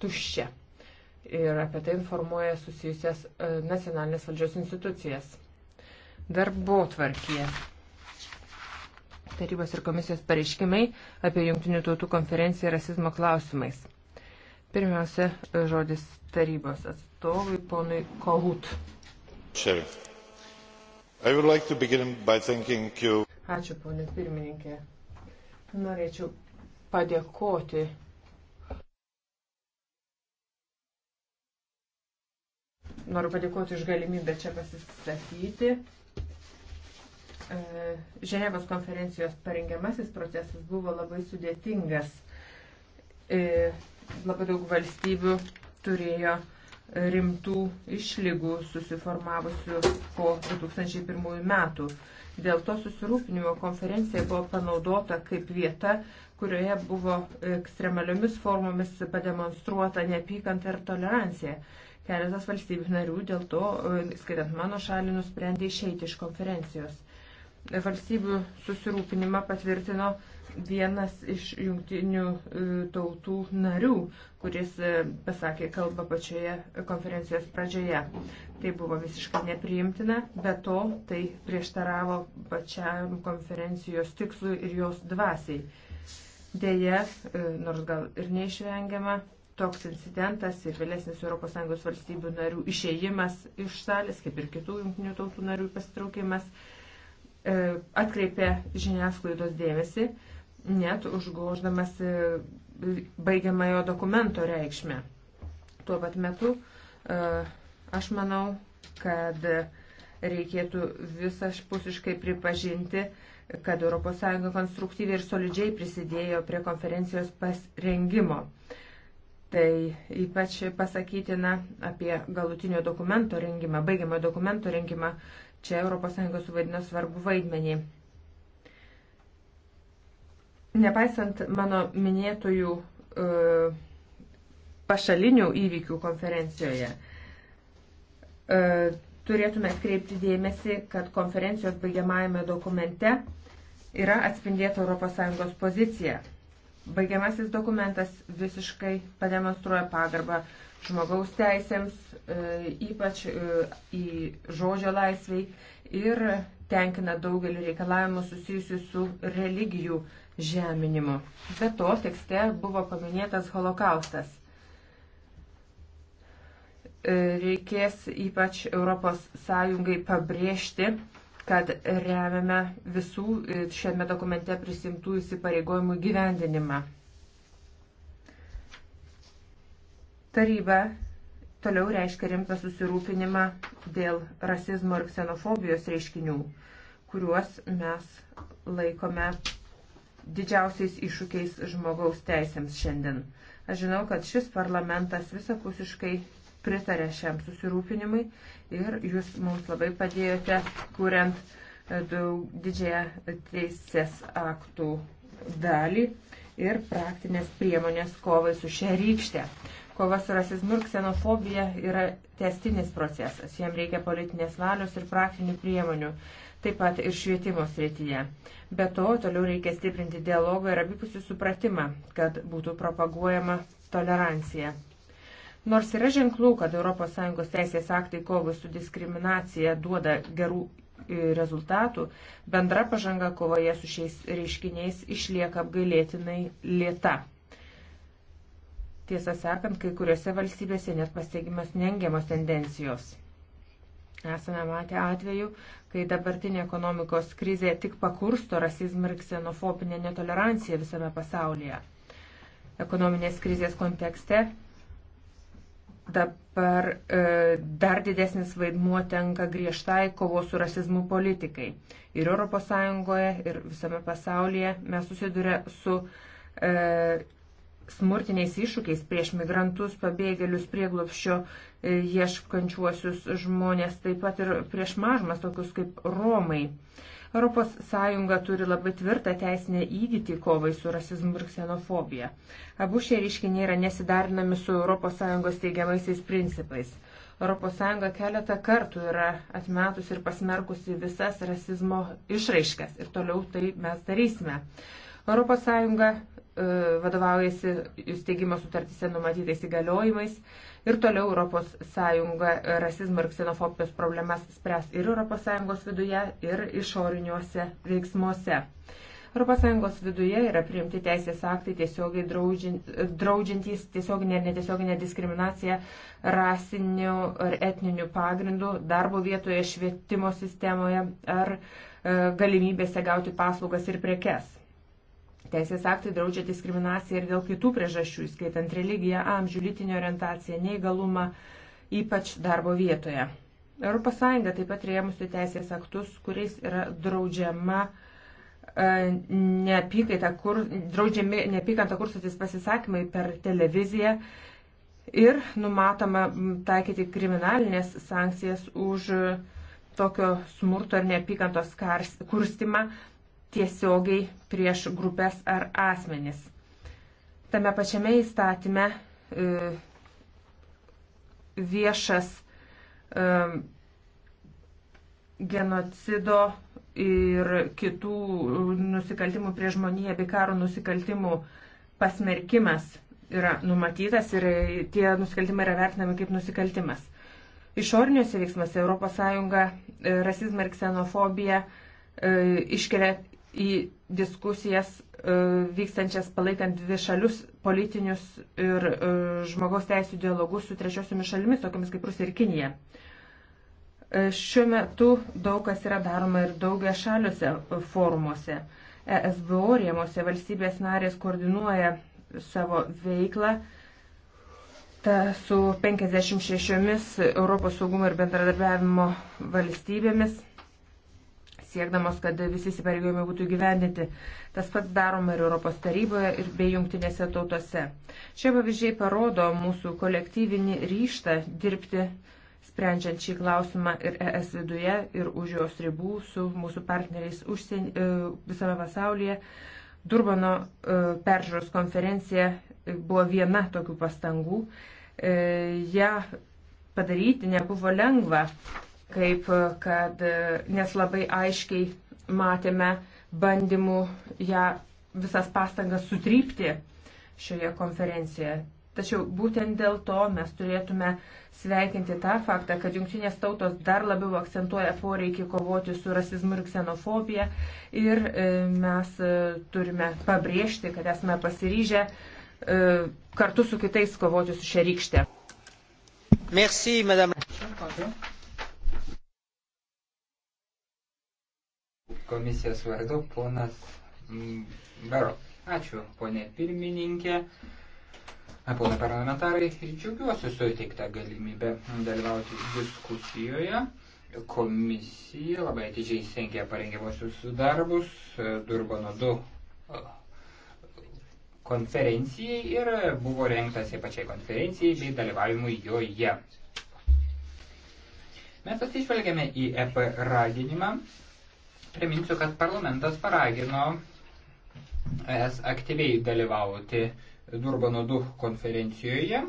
tuščia. Ir apie tai informuoja susijusias e, nacionalinės valdžios institucijas. Darbo tvarkė. Tarybos ir komisijos pareiškimai apie Junktinių tautų konferenciją rasizmo klausimais. Pirmiausia, žodis tarybos atstovui ponui Kohut. Sure. Like Ačiū, ponė pirmininkė. Norėčiau padėkoti Noriu padėkoti už galimybę čia pasisakyti. E, Ženevos konferencijos parengiamasis procesas buvo labai sudėtingas. E, labai daug valstybių turėjo rimtų išlygų susiformavusių po 2001 metų. Dėl to susirūpinimo konferencija buvo panaudota kaip vieta, kurioje buvo ekstremaliomis formomis pademonstruota neapykanta ir tolerancija. Keletas valstybių narių dėl to, e, skaitant mano šalį, nusprendė išeiti iš konferencijos. Valstybių susirūpinimą patvirtino vienas iš jungtinių e, tautų narių, kuris e, pasakė kalbą pačioje konferencijos pradžioje. Tai buvo visiškai nepriimtina, bet to tai prieštaravo pačiam konferencijos tikslui ir jos dvasiai. Deja, nors gal ir neišvengiama, toks incidentas ir vėlesnis ES valstybių narių išėjimas iš salės, kaip ir kitų jungtinių tautų narių pasitraukimas, e, atkreipė žiniasklaidos dėmesį, net užgoždamas e, baigiamąjo dokumento reikšmę. Tuo pat metu e, aš manau, kad reikėtų visapusiškai pripažinti, kad ES konstruktyviai ir solidžiai prisidėjo prie konferencijos pasirengimo Tai ypač pasakytina apie galutinio dokumento rengimą, baigiamojo dokumento rengimą. Čia ES suvaidino svarbu vaidmenį. Nepaisant mano minėtojų e, pašalinių įvykių konferencijoje, e, turėtume atkreipti dėmesį, kad konferencijos baigiamajame dokumente yra atspindėta ES pozicija. Baigiamasis dokumentas visiškai pademonstruoja pagarbą žmogaus teisėms, e, ypač e, į žodžio laisvai ir tenkina daugelį reikalavimų susijusių su religijų žeminimu. Be to, tekste buvo paminėtas holokaustas. E, reikės ypač ES pabrėžti kad remiame visų e, šiame dokumente prisimtų įsipareigojimų gyvendinimą. Taryba toliau reiškia rimtą susirūpinimą dėl rasizmo ir ksenofobijos reiškinių, kuriuos mes laikome didžiausiais iššūkiais žmogaus teisėms šiandien. Aš žinau, kad šis parlamentas visapusiškai pritarė šiam susirūpinimui ir jūs mums labai padėjote, kuriant e, daug didžiąją teisės aktų dalį ir praktinės priemonės kovai su šia rykšte. Kova su rasizmu ir ksenofobija yra testinis procesas. Jam reikia politinės valios ir praktinių priemonių, taip pat ir švietimo srityje. Be to, toliau reikia stiprinti dialogą ir abipusių supratimą, kad būtų propaguojama tolerancija. Nors yra ženklų, kad ES teisės aktai kovai su diskriminacija duoda gerų e, rezultatų, bendra pažanga kovoje su šiais reiškiniais išlieka apgailėtinai lėta. Tiesą sakant, kai kuriuose valstybėse net pasteigimas nengiamos tendencijos. Esame matę atvejų, kai dabartinė ekonomikos krizė tik pakursto rasizmą ir ksenofobinę netoleranciją visame pasaulyje. Ekonominės krizės kontekste Dabar e, dar didesnis vaidmuo tenka griežtai kovos su rasizmu politikai. Ir ES, ir visame pasaulyje mes susiduria su e, smurtiniais iššūkiais prieš migrantus, pabėgėlius, prieglopščio e, ieškančiuosius žmonės, taip pat ir prieš mažmas tokius kaip Romai. ES turi labai tvirtą teisinę įgyti kovai su rasizmu ir ksenofobija. Abu šie reiškiniai yra nesidarinami su ES teigiamaisiais principais. ES keletą kartų yra atmetusi ir pasmerkusi visas rasizmo išraiškas ir toliau tai mes darysime. ES e, vadovaujasi įsteigimo sutartise numatytais įgaliojimais Ir toliau ES rasizmo ir ksenofobijos problemas spręs ir ES viduje, ir išoriniuose veiksmuose. ES viduje yra priimti teisės aktai tiesiogiai draudžiantys tiesioginę ir netiesioginę diskriminaciją rasiniu ar etniniu pagrindu darbo vietoje, švietimo sistemoje ar e, galimybėse gauti paslaugas ir prekes. Teisės aktai draudžia diskriminaciją ir dėl kitų priežasčių, skaitant religiją, amžių, lytinį orientaciją, neįgalumą, ypač darbo vietoje. ES taip pat rėmusi teisės aktus, kuriais yra draudžiama e, neapykaita, kur, draudžiami neapykanta kursutis pasisakymai per televiziją ir numatoma taikyti kriminalinės sankcijas už tokio smurto ir neapykantos kurstimą, tiesiogiai prieš grupės ar asmenis. Tame pačiame įstatyme e, viešas e, genocido ir kitų nusikaltimų prie žmoniją bei karo nusikaltimų pasmerkimas yra numatytas ir tie nusikaltimai yra vertinami kaip nusikaltimas. Išoriniuose veiksmuose ES e, rasizmą ir ksenofobiją iškelia į diskusijas e, vykstančias palaikant dvišalius politinius ir e, žmogaus teisų dialogus su trečiosiomis šalimis, tokiamis kaip Rusija ir Kinija. E, šiuo metu daug kas yra daroma ir daugia šaliuose forumuose. ESBO rėmose valstybės narės koordinuoja savo veiklą ta, su 56 Europos saugumo ir bendradarbiavimo valstybėmis siekdamos, kad visi įsipareigojimai būtų gyvendinti. Tas pats daroma ir Europos taryboje, ir bei jungtinėse tautose. Šie pavyzdžiai parodo mūsų kolektyvinį ryštą dirbti, sprendžiant šį klausimą ir ES viduje, ir už jos ribų su mūsų partneriais užsien, e, visame pasaulyje. Durbano e, peržiūros konferencija e, buvo viena tokių pastangų. Ja padaryti nebuvo lengva kaip e, kad, e, nes labai aiškiai matėme bandymų ją visas pastangas sutrypti šioje konferencijoje. Tačiau būtent dėl to mes turėtume sveikinti tą faktą, kad jungtinės tautos dar labiau akcentuoja poreikį kovoti su rasizmu ir ksenofobija ir e, mes turime pabrėžti, kad esame pasiryžę kartu su kitais kovoti su šia rykšte. Merci, madame. Ačiū. komisijos vardu ponas Baro. Ačiū, ponė pirmininkė. Pone parlamentarai, džiaugiuosi suteiktą galimybę dalyvauti diskusijoje. Komisija labai atidžiai sengė parengiamuosius darbus, Durbano 2 konferencijai ir buvo rengtas į pačiai konferencijai bei dalyvavimui joje. Mes atsižvelgiame į EP raginimą Priminsiu, kad parlamentas paragino es aktyviai dalyvauti Durbano 2 konferencijoje,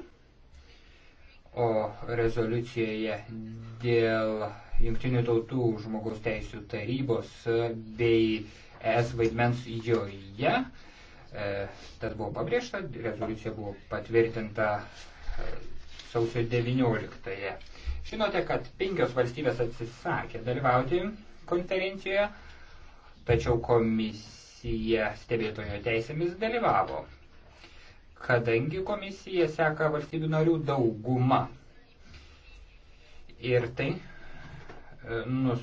o rezoliucijoje dėl Junktinių tautų žmogaus teisų tarybos bei es vaidmens joje. E, tad buvo pabrėžta, rezoliucija buvo patvirtinta e, sausio 19. -ąją. Žinote, kad penkios valstybės atsisakė dalyvauti konferencijoje, tačiau komisija stebėtojo teisėmis dalyvavo, kadangi komisija seka valstybių narių dauguma. Ir tai e, nus.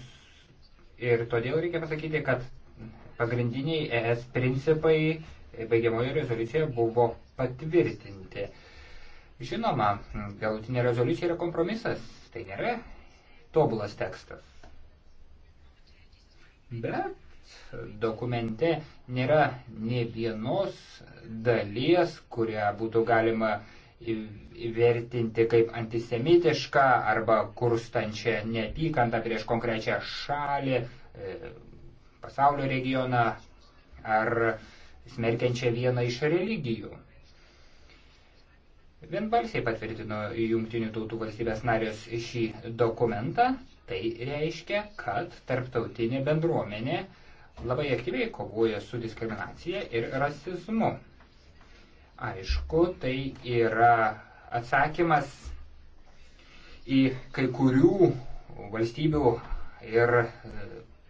Ir todėl reikia pasakyti, kad pagrindiniai ES principai e, baigiamoje rezoliucijoje buvo patvirtinti. Žinoma, galutinė rezoliucija yra kompromisas, tai nėra tobulas tekstas bet dokumente nėra ne vienos dalies, kurią būtų galima įvertinti kaip antisemitišką arba kurstančią neapykantą prieš konkrečią šalį, e, pasaulio regioną ar smerkiančią vieną iš religijų. Vienbalsiai patvirtino Junktinių tautų valstybės narės šį dokumentą, Tai reiškia, kad tarptautinė bendruomenė labai aktyviai kovoja su diskriminacija ir rasizmu. Aišku, tai yra atsakymas į kai kurių valstybių ir e,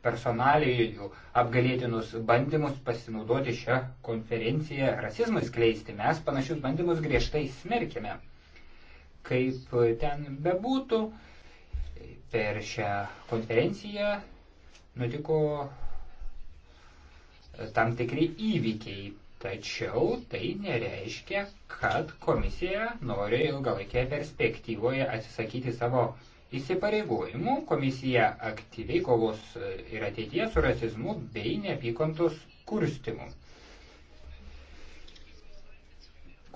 personalijų apgalėtinus bandymus pasinaudoti šią konferenciją rasizmui skleisti. Mes panašius bandymus griežtai smerkime. Kaip ten bebūtų, per šią konferenciją nutiko e, tam tikri įvykiai. Tačiau tai nereiškia, kad komisija nori ilgalaikėje perspektyvoje atsisakyti savo įsipareigojimų. Komisija aktyviai kovos e, ir ateityje su rasizmu bei neapykantos kurstimu.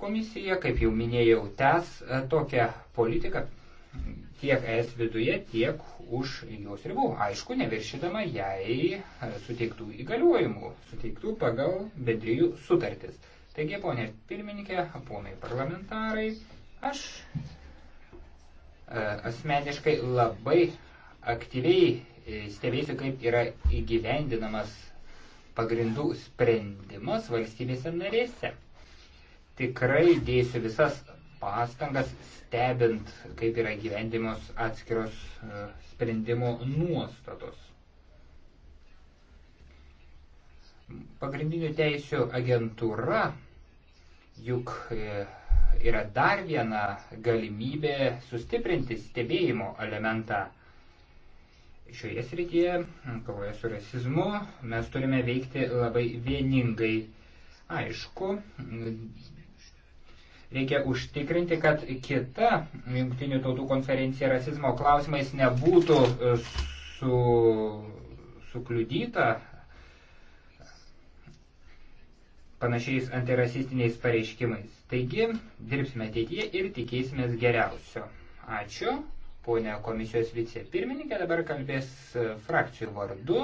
Komisija, kaip jau minėjau, tęs e, tokią politiką tiek es viduje, tiek už jos ribų. Aišku, neviršydama jai e, suteiktų įgaliojimų, suteiktų pagal bendrijų sutartis. Taigi, ponė pirmininkė, ponai parlamentarai, aš e, asmeniškai labai aktyviai e, stebėsiu, kaip yra įgyvendinamas pagrindų sprendimas valstybėse narėse. Tikrai dėsiu visas pastangas stebint, kaip yra gyvendimos atskiros e, sprendimo nuostatos. Pagrindinių teisių agentūra juk e, yra dar viena galimybė sustiprinti stebėjimo elementą. Šioje srityje, kovoje su rasizmu, mes turime veikti labai vieningai. Aišku, Reikia užtikrinti, kad kita jungtinių tautų konferencija rasizmo klausimais nebūtų e, su, sukliudyta panašiais antirasistiniais pareiškimais. Taigi, dirbsime ateityje ir tikėsime geriausio. Ačiū, ponė komisijos vicepirmininkė, dabar kalbės e, frakcijų vardu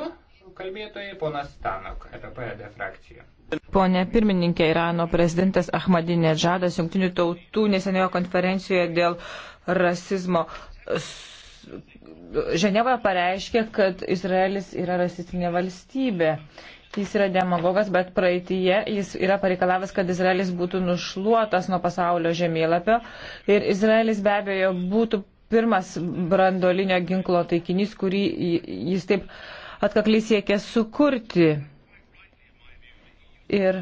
kalbėtojai, ponas Stanok, EPPD frakcija. Pone pirmininkė, Irano prezidentas Ahmadinedžadas Junktinių tautų neseniojo konferencijoje dėl rasizmo Ženeva pareiškė, kad Izraelis yra rasistinė valstybė. Jis yra demagogas, bet praeitie jis yra pareikalavęs, kad Izraelis būtų nušluotas nuo pasaulio žemėlapio ir Izraelis be abejo būtų pirmas brandolinio ginklo taikinys, kurį jis taip uh, atkakliai siekia sukurti. Ir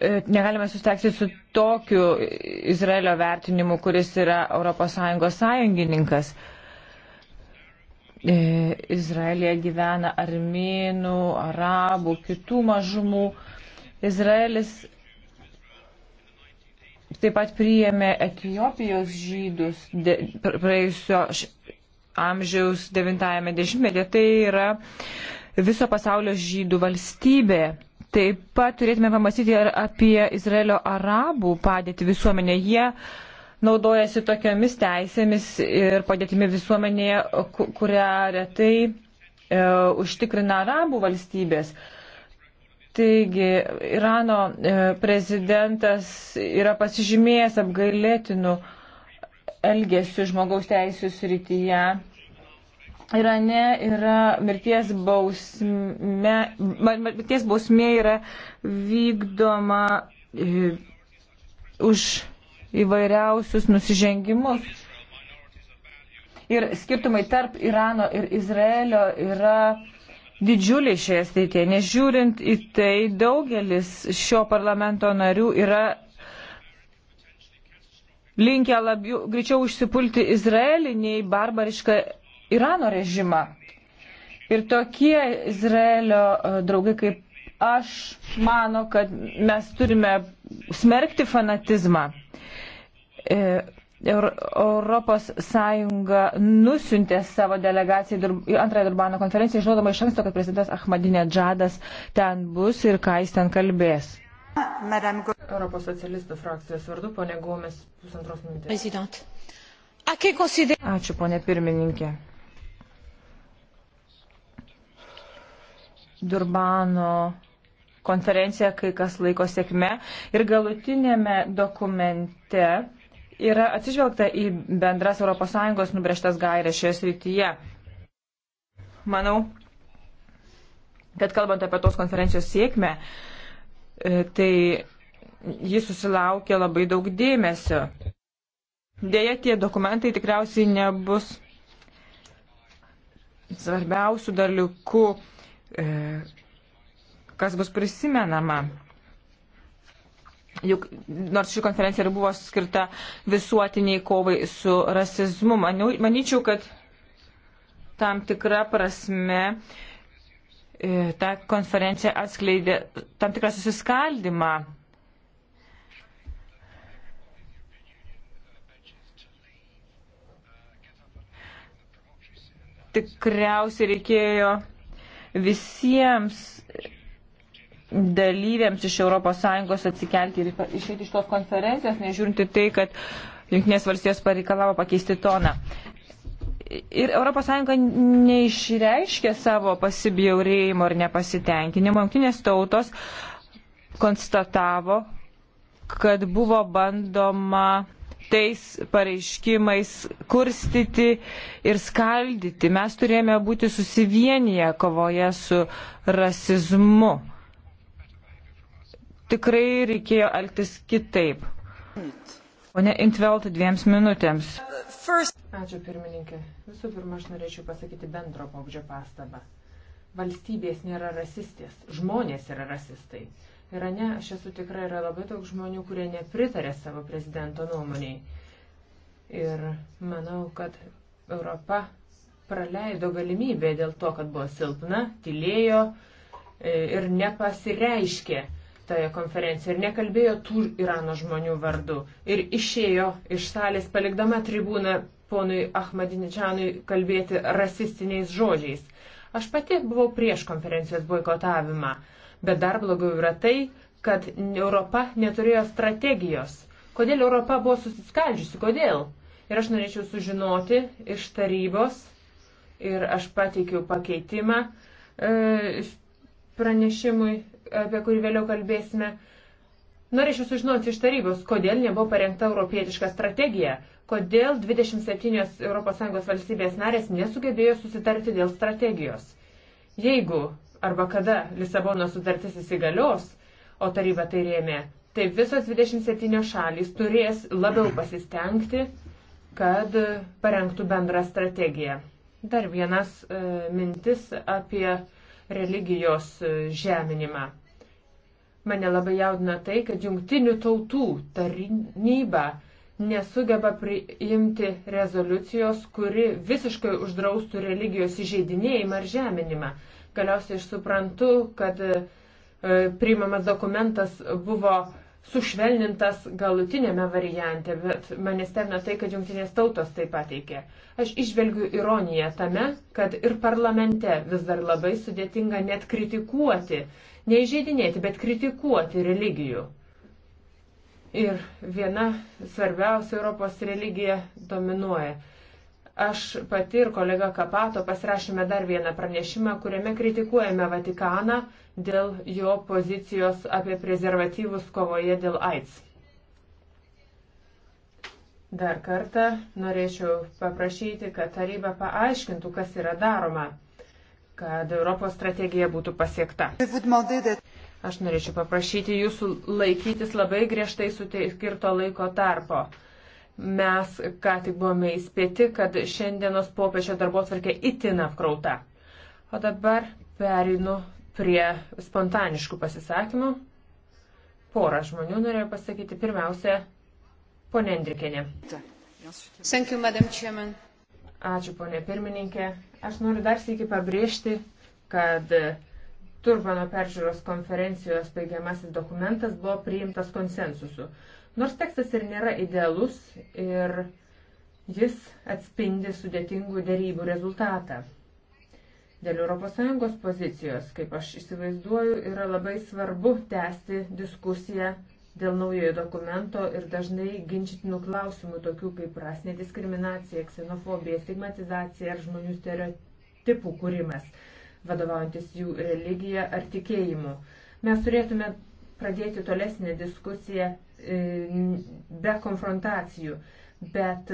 e, negalime sustekti su tokiu Izraelio vertinimu, kuris yra ES sąjungininkas. E, Izraelija gyvena armėnų, arabų, kitų mažumų. Izraelis taip pat priėmė Etijopijos žydus praėjusio amžiaus 9-ame dešimtmetyje. Tai yra viso pasaulio žydų valstybė. Taip pat turėtume pamastyti ir apie Izraelio arabų padėtį visuomenėje. Jie naudojasi tokiamis teisėmis ir padėtimi visuomenėje, kurią retai e, užtikrina arabų valstybės. Taigi, Irano e, prezidentas yra pasižymėjęs apgailėtinu e, elgesiu žmogaus teisų srityje. Irane yra mirties bausmė, mirties bausmė yra vykdoma e, už įvairiausius nusižengimus. Ir skirtumai tarp Irano ir Izraelio yra didžiuliai šioje srityje. Nežiūrint į tai, daugelis šio parlamento narių yra linkę labiau, greičiau užsipulti Izraelį nei barbarišką Irano režimą. Ir tokie Izraelio e, draugai kaip aš mano, kad mes turime smerkti fanatizmą. E, Europos Sąjunga nusintė savo delegaciją į antrąją Durbano konferenciją, žinodama iš anksto, kad prezidentas Ahmadinė Džadas ten bus ir ką jis ten kalbės. Madame... Europos socialistų frakcijos vardu, ponė Gomes, pusantros minutės. Ačiū, ponė pirmininkė. Durbano konferencija kai kas laiko sėkme ir galutinėme dokumente yra atsižvelgta į bendras ES nubrėžtas gairės šioje srityje. Manau, kad kalbant apie tos konferencijos sėkmę, e, tai jis susilaukė labai daug dėmesio. Deja, tie dokumentai tikriausiai nebus svarbiausių dalykų, e, kas bus prisimenama. Juk nors ši konferencija ir buvo skirta visuotiniai kovai su rasizmu, manyčiau, kad tam tikra prasme e, ta konferencija atskleidė tam tikrą susiskaldimą tikriausiai reikėjo visiems dalyviams iš ES atsikelti ir išėti iš tos konferencijos, nežiūrinti tai, kad Junktinės valstijos pareikalavo pakeisti toną. Ir ES neišreiškė savo pasibjaurėjimo ir nepasitenkinimo. Junktinės tautos konstatavo, kad buvo bandoma tais pareiškimais kurstyti ir skaldyti. Mes turėjome būti susivienyje kovoje su rasizmu. Tikrai reikėjo elgtis kitaip. O ne Intvelt dviems minutėms. Ačiū pirmininkė. Visų pirma, aš norėčiau pasakyti bendro pobūdžio pastabą. Valstybės nėra rasistės, žmonės yra rasistai. Irane, aš esu tikra, yra labai daug žmonių, kurie nepritarė savo prezidento nuomoniai. Ir manau, kad Europa praleido galimybę dėl to, kad buvo silpna, tylėjo e, ir nepasireiškė toje konferencijoje ir nekalbėjo tų Irano žmonių vardu. Ir išėjo iš salės palikdama tribūną ponui Ahmadinečanui kalbėti rasistiniais žodžiais. Aš pati buvau prieš konferencijos boikotavimą. Bet dar blogiau yra tai, kad Europa neturėjo strategijos. Kodėl Europa buvo susiskaldžiusi? Kodėl? Ir aš norėčiau sužinoti iš tarybos ir aš pateikiau pakeitimą e, pranešimui, apie kurį vėliau kalbėsime. Norėčiau sužinoti iš tarybos, kodėl nebuvo parengta europietiška strategija, kodėl 27 ES valstybės narės nesugebėjo susitarti dėl strategijos. Jeigu arba kada Lisabono sutartis įsigalios, o taryba tai rėmė, tai visos 27 šalys turės labiau pasistengti, kad parengtų bendrą strategiją. Dar vienas e, mintis apie religijos e, žeminimą. Mane labai jaudina tai, kad jungtinių tautų tarnyba nesugeba priimti rezoliucijos, kuri visiškai uždraustų religijos įžeidinėjimą ar žeminimą. Galiausiai aš suprantu, kad e, priimamas dokumentas buvo sušvelnintas galutinėme variante, bet mane stebina tai, kad jungtinės tautos tai pateikė. Aš išvelgiu ironiją tame, kad ir parlamente vis dar labai sudėtinga net kritikuoti, neįžeidinėti, bet kritikuoti religijų ir viena svarbiausia Europos religija dominuoja. Aš pati ir kolega Kapato pasirašėme dar vieną pranešimą, kuriame kritikuojame Vatikaną dėl jo pozicijos apie prezervatyvus kovoje dėl AIDS. Dar kartą norėčiau paprašyti, kad taryba paaiškintų, kas yra daroma kad Europos strategija būtų pasiekta. Aš norėčiau paprašyti jūsų laikytis labai griežtai suteikirto laiko tarpo. Mes ką tik buvome įspėti, kad šiandienos popiečio darbo tvarkė itin apkrauta. O dabar perinu prie spontaniškų pasisakymų. Porą žmonių norėjo pasakyti. Pirmiausia, ponė Endrikinė. Ačiū, ponė pirmininkė. Aš noriu dar sėki pabrėžti, kad Turbano peržiūros konferencijos baigiamasis dokumentas buvo priimtas konsensusu. Nors tekstas ir nėra idealus ir jis atspindi sudėtingų dėrybų rezultatą. Dėl ES pozicijos, kaip aš įsivaizduoju, yra labai svarbu tęsti diskusiją dėl naujojo dokumento ir dažnai ginčytinų klausimų, tokių kaip rasinė diskriminacija, ksenofobija, stigmatizacija ar žmonių stereotipų kūrimas, vadovaujantis jų religija ar tikėjimu. Mes turėtume pradėti tolesnę diskusiją e, be konfrontacijų, bet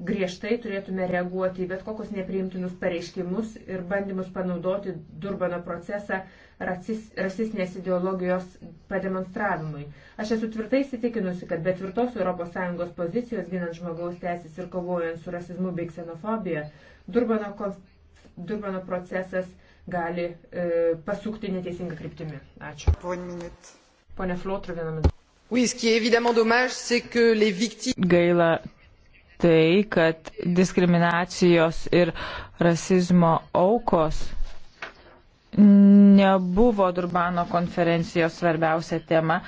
griežtai turėtume reaguoti į bet kokius nepriimtinus pareiškimus ir bandymus panaudoti Durbano procesą rasis, rasistinės ideologijos pademonstravimui. Aš esu tvirtai įsitikinusi, kad be tvirtos ES pozicijos ginant žmogaus teisės ir kovojant su rasizmu bei ksenofobija, Durbano, Durbano procesas gali e, pasukti neteisingą kryptimį. Ačiū. Pone Flotru, vieną minutę. Oui, ce qui est évidemment dommage, c'est que les victimes. Gaila tai, kad diskriminacijos ir rasizmo aukos nebuvo Durbano konferencijos svarbiausia tema.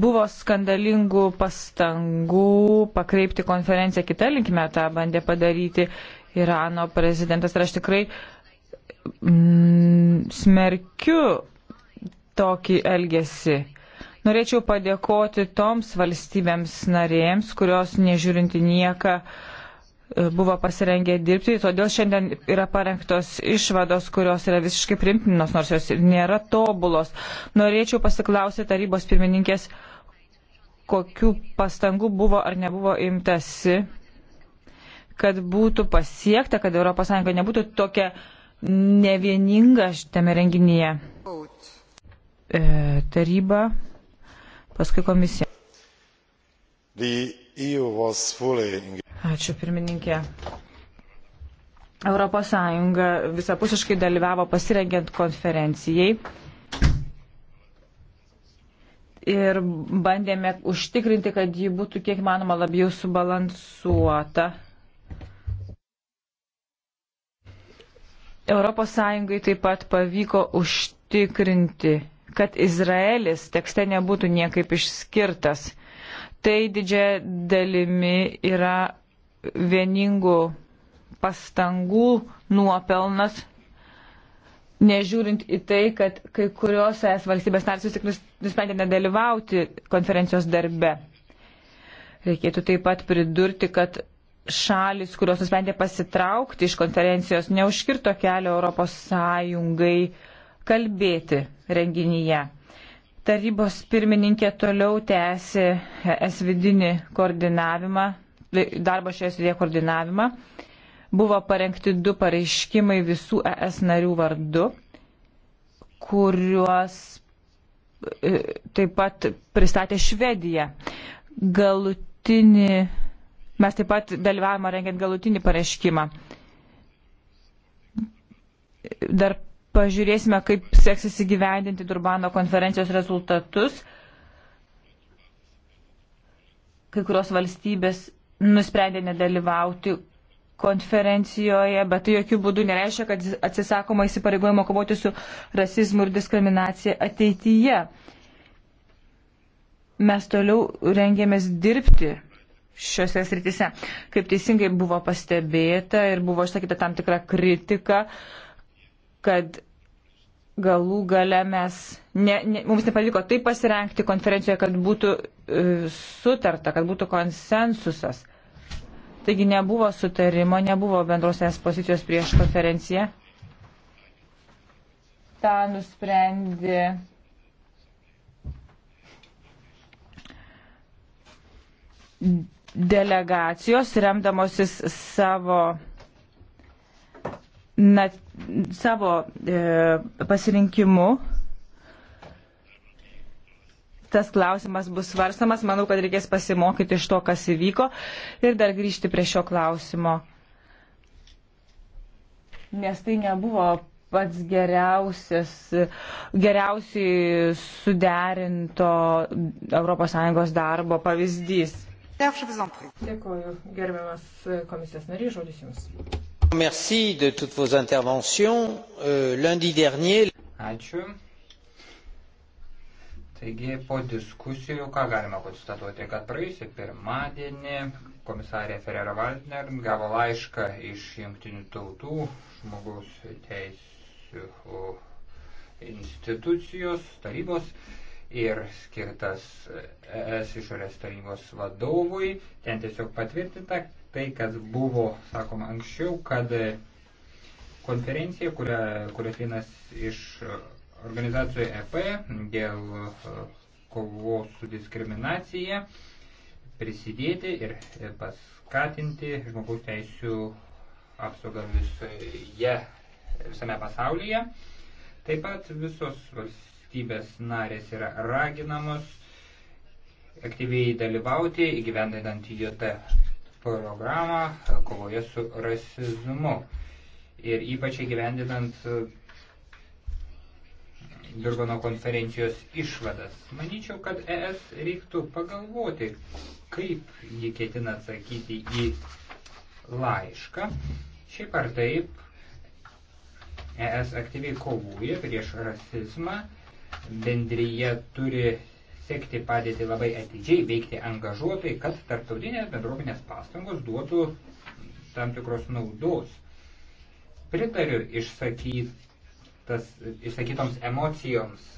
Buvo skandalingų pastangų pakreipti konferenciją kitą linkmę, tą bandė padaryti Irano prezidentas. Ir aš tikrai mm, smerkiu tokį elgesį. Norėčiau padėkoti toms valstybėms narėms, kurios nežiūrinti nieką e, buvo pasirengę dirbti, todėl šiandien yra parengtos išvados, kurios yra visiškai primtinos, nors jos ir nėra tobulos. Norėčiau pasiklausyti tarybos pirmininkės, kokių pastangų buvo ar nebuvo imtasi, kad būtų pasiekta, kad ES nebūtų tokia nevieninga šitame renginyje. E, taryba paskui komisija. E Ačiū pirmininkė. Europos Sąjunga visapusiškai dalyvavo pasirengiant konferencijai ir bandėme užtikrinti, kad ji būtų kiek manoma labiau subalansuota. Europos Sąjungai taip pat pavyko užtikrinti kad Izraelis tekste nebūtų niekaip išskirtas. Tai didžia dalimi yra vieningų pastangų nuopelnas, nežiūrint į tai, kad kai kurios es valstybės narės vis tik nusprendė nedalyvauti konferencijos darbe. Reikėtų taip pat pridurti, kad šalis, kurios nusprendė pasitraukti iš konferencijos, neužkirto kelio Europos Sąjungai kalbėti renginyje. Tarybos pirmininkė toliau tęsi es vidinį koordinavimą, darbo šioje srityje koordinavimą. Buvo parengti du pareiškimai visų ES narių vardu, kuriuos e, taip pat pristatė Švedija. Galutinį, mes taip pat dalyvavome rengiant galutinį pareiškimą. Dar Pažiūrėsime, kaip seksis įgyvendinti Durbano konferencijos rezultatus. Kai kurios valstybės nusprendė nedalyvauti konferencijoje, bet tai jokių būdų nereiškia, kad atsisakoma įsipareigojimo kovoti su rasizmu ir diskriminacija ateityje. Mes toliau rengėmės dirbti šiuose srityse. Kaip teisingai buvo pastebėta ir buvo išsakyta tam tikra kritika, kad galų gale mes, ne, ne, mums nepavyko taip pasirengti konferencijoje, kad būtų e, sutarta, kad būtų konsensusas. Taigi nebuvo sutarimo, nebuvo bendros es pozicijos prieš konferenciją. Ta nusprendė. Delegacijos remdamosis savo na, savo e, pasirinkimu tas klausimas bus svarstamas. Manau, kad reikės pasimokyti iš to, kas įvyko ir dar grįžti prie šio klausimo. Nes tai nebuvo pats geriausias, geriausiai suderinto ES darbo pavyzdys. Dėkuoju, gerbiamas komisijos narys, žodis Jums. Euh, Ačiū. Taigi po diskusijų, ką galima konstatuoti, kad praėjusį pirmadienį komisarė Ferrero Waldner gavo laišką iš jungtinių tautų žmogaus teisų institucijos tarybos ir skirtas ES išorės tarybos vadovui. Ten tiesiog patvirtinta, tai, kas buvo sakoma anksčiau, kad konferencija, kuria, kurios vienas iš organizacijų EP dėl e, kovos su diskriminacija prisidėti ir paskatinti žmogaus teisų apsaugą visoje, visame pasaulyje. Taip pat visos valstybės narės yra raginamos aktyviai dalyvauti įgyvendinant JT programą kovoje su rasizmu. Ir ypač įgyvendinant e, Durbano konferencijos išvadas. Manyčiau, kad ES reiktų pagalvoti, kaip ji ketina atsakyti į laišką. Šiaip ar taip, ES aktyviai kovoja prieš rasizmą, bendryje turi sekti padėtį labai atidžiai, veikti angažuotai, kad tarptautinės bendruomenės pastangos duotų tam tikros naudos. Pritariu išsakytas, išsakytoms emocijoms.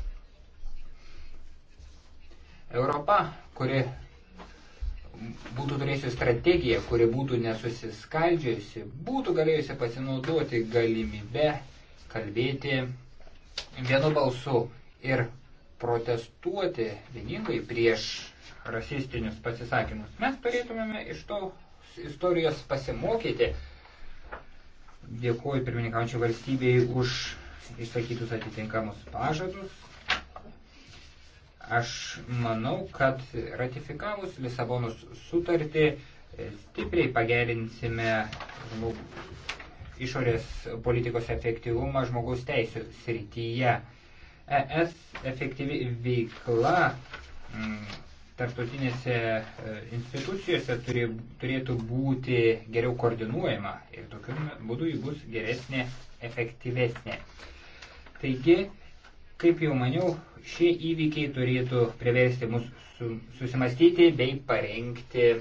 Europa, kuri būtų turėjusi strategiją, kuri būtų nesusiskaldžiusi, būtų galėjusi pasinaudoti galimybę kalbėti vienu balsu ir protestuoti vieningai prieš rasistinius pasisakymus. Mes turėtumėme iš to istorijos pasimokyti. Dėkuoju pirmininkaučiai valstybei už išsakytus atitinkamus pažadus. Aš manau, kad ratifikavus Lisabonos sutartį e, stipriai pagerinsime žmogų, išorės politikos efektyvumą žmogaus teisų srityje. ES efektyvi veikla mm, tarptautinėse e, institucijose turė, turėtų būti geriau koordinuojama ir tokiu būdu ji bus geresnė, efektyvesnė. Taigi, kaip jau maniau, šie įvykiai turėtų priversti mus susimastyti bei parengti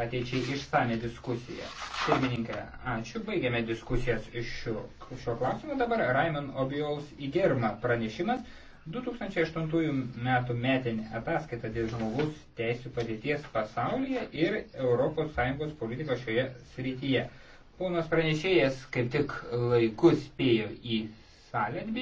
ateičiai išsame diskusiją. Pirmininkė, ačiū. Baigiame diskusijas iš šio, šio klausimo. Dabar Raimond Obiols įgerma pranešimas 2008 metų metinė ataskaita dėl žmogus teisų padėties pasaulyje ir ES politikos šioje srityje. Ponas pranešėjas kaip tik laikus spėjo į salę atbėgti.